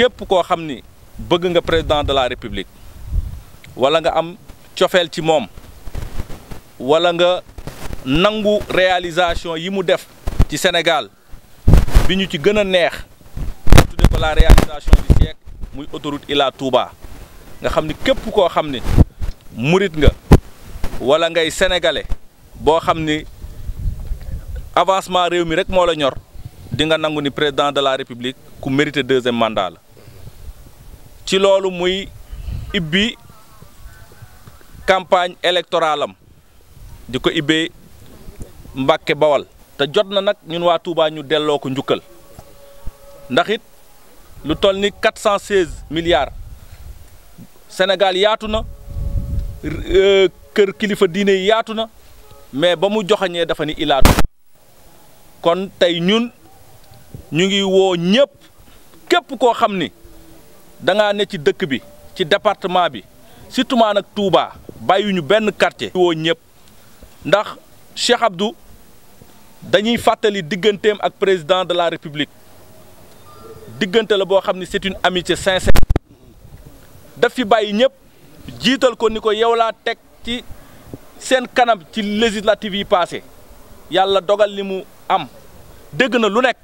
képp koo xam ni bëgg nga président de la république wala nga am cofeel ci moom wala nga nangu réalisation yi mu def ci Sénégal bi ñu ci gën a neex tudde ko la réalisation du siècle muy autoroute Ila Touba nga xam ni képp koo xam ni murit nga wala ngay sénégalais boo xam ni avancement réew mi rek moo la ñor di nga nangu ni président de la république ku mérité deuxième mandat la ci loolu muy ibbi campagne électorale di ko ibbee Mbàkke Bawal te jot na nag ñun waa Touba ñu delloo ko njukkal ndax it lu toll ni quatre cent seize milliards yaatu na euh, kër kilifa diine yi yaatu na mais ba mu joxañee dafa ni ilaatu kon tey ñun ñu ngi woo ñëpp képp koo xam ni da ngaa ne ci dëkk bi ci département bi surtout maa nag Touba bàyyiwuñu benn quartier. woo ñëpp ndax Cheikh Abdou dañuy fàttali digganteem ak président de la république diggante la boo xam ne c'est amité amitié sincère. daf fi bàyyi ñëpp jiital ko ni ko yow laa teg ci seen kanam ci législative yi passé yàlla dogal li mu am dégg na lu nekk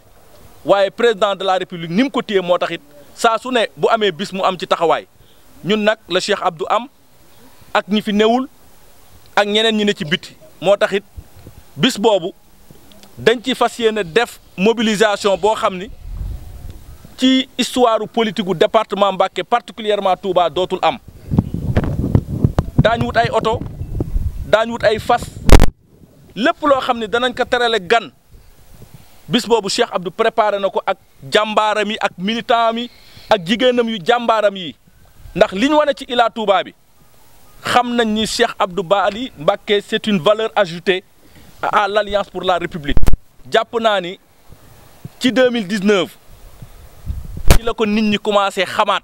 waaye président de la république ni mu ko téye moo taxit saa su ne bu amee bis mu am ci taxawaay ñun nag la Cheikh Abdou am ak ñi fi newul ak ñeneen ñi ne ci biti moo tax it bis boobu dañ ci fas yéene def mobilisation boo xam ni ci histoire politique gu département Mbacké particulièrement Touba dootul am daañu wut ay oto daañu wut ay fas lépp loo xam ni danañ ko terale gan bis bobu Cheikh Abdou préparé nako ko ak jàmbaaram yi ak militant yi ak jigéenam yu jambaram yi ndax liñ wone ci Ila Touba bi xam nañ ni Cheikh Abdou Bali Mbacké c'est une valeur ajoutée à l'Alliance pour la République jàpp ni ci 2019 ci la ko nit ñi commencé xamaat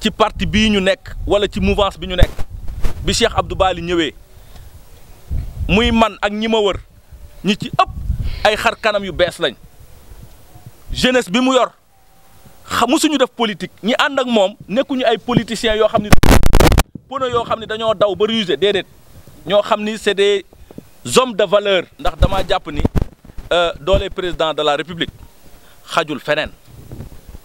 ci parti bi ñu nek wala ci mouvance bi ñu nek bi Cheikh Abdou Bali ñëwé muy man ak ñima wër ñi ci ay xar kanam yu bees lañ jeunesse bi mu yor xamusuñu def politique ñi ànd ak moom nekkuñu ay politiciens yoo xam ni pono yoo xam ni dañoo daw ba rusé déedéet ñoo xam ni c'est des hommes de valeur ndax damaa jàpp ni euh, doole président de la république xajul feneen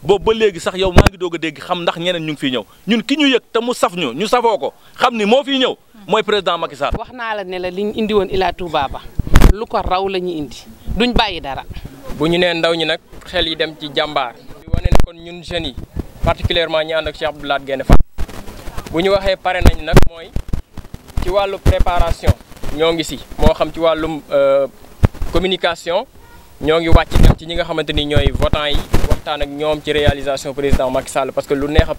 boobu ba léegi sax yow maa ngi doog a dégg xam ndax ñeneen ñu ngi fiy ñëw ñun ki ñu yëg te mu saf ñu ñu safoo ko xam ni moo fiy ñëw mooy président Macky wax naa la ne li liñ indi woon Ila Touba ba lu ko raw la ñu indi. duñ bayyi dara. bu ñu nee ndaw ñi nag xel yi dem ci jàmbaar. di wane kon ñun jeunes yi particulièrement ñi ànd ak Cheikh Abdou Lahad Gaïndé Fatma bu ñu waxee pare nañ nag mooy ci wàllu préparation ñoo ngi si moo xam ci wàllum euh, communication ñoo ngi wàcc ci ñi nga xamante ni ñooy votants yi waxtaan ak ñoom ci réalisation président Macky Sall parce que lu neex a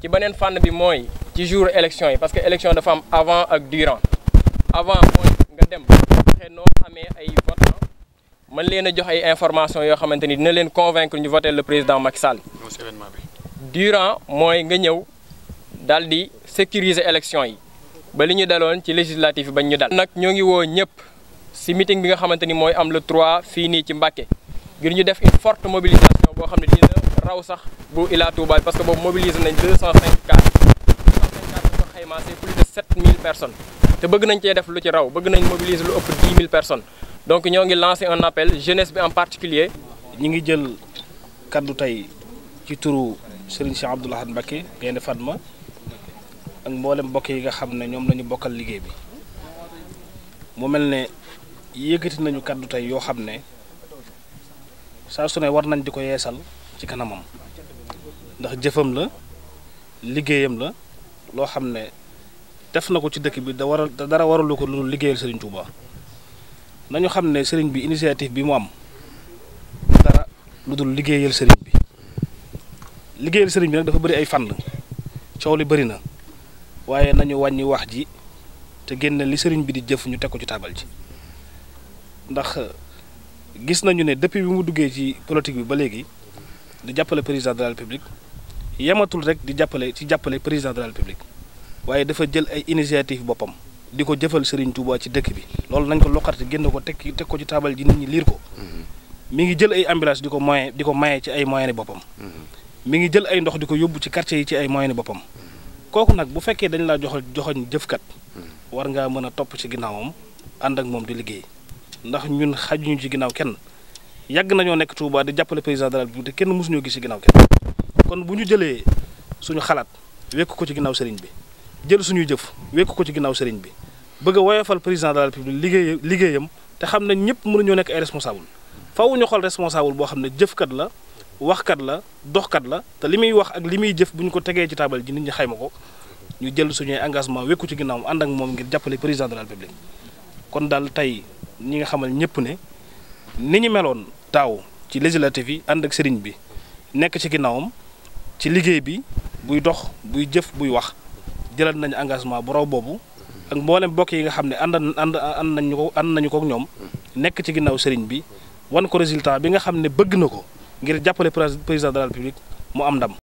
ci beneen fànn bi mooy ci jour élection yi parce que élection dafa am avant ak durant avant mooy nga dem fexe noo amee ay man leen a jox ay information yoo xamante ni dina leen convaincre ñu voter le président Macky Sall. durant mooy nga ñëw daal di sécuriser élection yi ba li ñu daloon ci législative yi bañ ñu dal. nag ñoo ngi woo ñëpp si meeting bi nga xamante ni mooy am le 3 fii nii ci Mbacké ngir ñu def une forte mobilisation boo xam ne dina raw sax bu Ila Touba parce que boobu mobiliser nañ 254 254 ko xaymaa c'est plus de 7000 personnes te bëgg nañ cee def lu ci raw bëgg nañ mobiliser lu ëpp 10000 personnes. donc ñoo ngi lancé un appel jeunesse bi en particulier ñi ngi jël kaddu tey ci turu Serigne Cheikh Abdoul Ahad Mbacké Gaïndé Fatma ak mboolem mbokk yi nga xam ne ñoom la ñu bokkal liggéey bi mu mel ne yëkkati nañu kaddu tey yoo xam ne saa su ne war nañ di ko yeesal ci kanamam ndax jëfam la liggéeyam la loo xam ne def na ko ci dëkk bi da waral dara waralu ko lu liggéeyal Serigne Touba. nañu xam ne sëriñ bi initiative bi mu am dara lu dul liggéeyal sëriñ bi liggéeyal sëriñ bi nag dafa bëri ay fànn coow li bëri na waaye nañu wàññi wax ji te génne li sëriñ bi di jëf ñu teg ci taabal ji ndax gis nañu ne depuis bi mu duggee ci politique bi ba léegi di jàppale président de la république yematul rek di jàppale ci jàppale président de la république waaye dafa jël ay initiative boppam di ko jëfal Serigne Touba ci dëkk bi loolu nañ ko loqarte génn ko teg teg ko ci taabal ji nit ñi liir ko mm-hmm. mi ngi jël ay ambulance di ko moyen di ko maye ci ay moyen boppam mm-hmm. mi ngi jël ay ndox di ko yóbbu ci quartier yi ci ay moyen boppam mm-hmm. kooku nag bu fekkee dañu laa joxal joxoñ jëfkat war ngaa mën a topp ci ginnaawam ànd ak moom di liggéey ndax ñun xajuñu ci ginnaaw kenn yàgg nañoo nekk Touba di jàppale président de la République kenn mësuñoo gis ci ginnaaw kenn kon bu ñu jëlee suñu xalaat wekk ko ci ginnaaw sëriñ bi jël suñuy jëf wekk ko ci ginnaaw sëriñ bi bëgg a woyofal président de la république liggéeyam te xam ne ñëpp ñoo nekk ay responsable faaw ñu xool responsable boo xam ne jëfkat la waxkat la doxkat la te li muy wax ak li muy jëf bu ñu ko tegee ci taabal ji nit ñi xayma ko ñu jël suñuy engagement wekku ci ginnaaw ànd ak moom ngir jàppale président de la république kon daal tey ñi nga xamal ñëpp ne ni ñu meloon taaw ci législative yi ànd ak sëriñ bi nekk ci ginnaawam ci liggéey bi buy dox buy jëf buy wax jëlal nañu engagement bu boobu ak mboolem bokk yi nga xam ne ànd ànd ànd nañu ko ànd nañu ko ak ñoom nekk ci ginnaw sëriñ bi wan ko résultat bi nga xam ne bëgg na ko ngir jàppale président de la république mu am ndam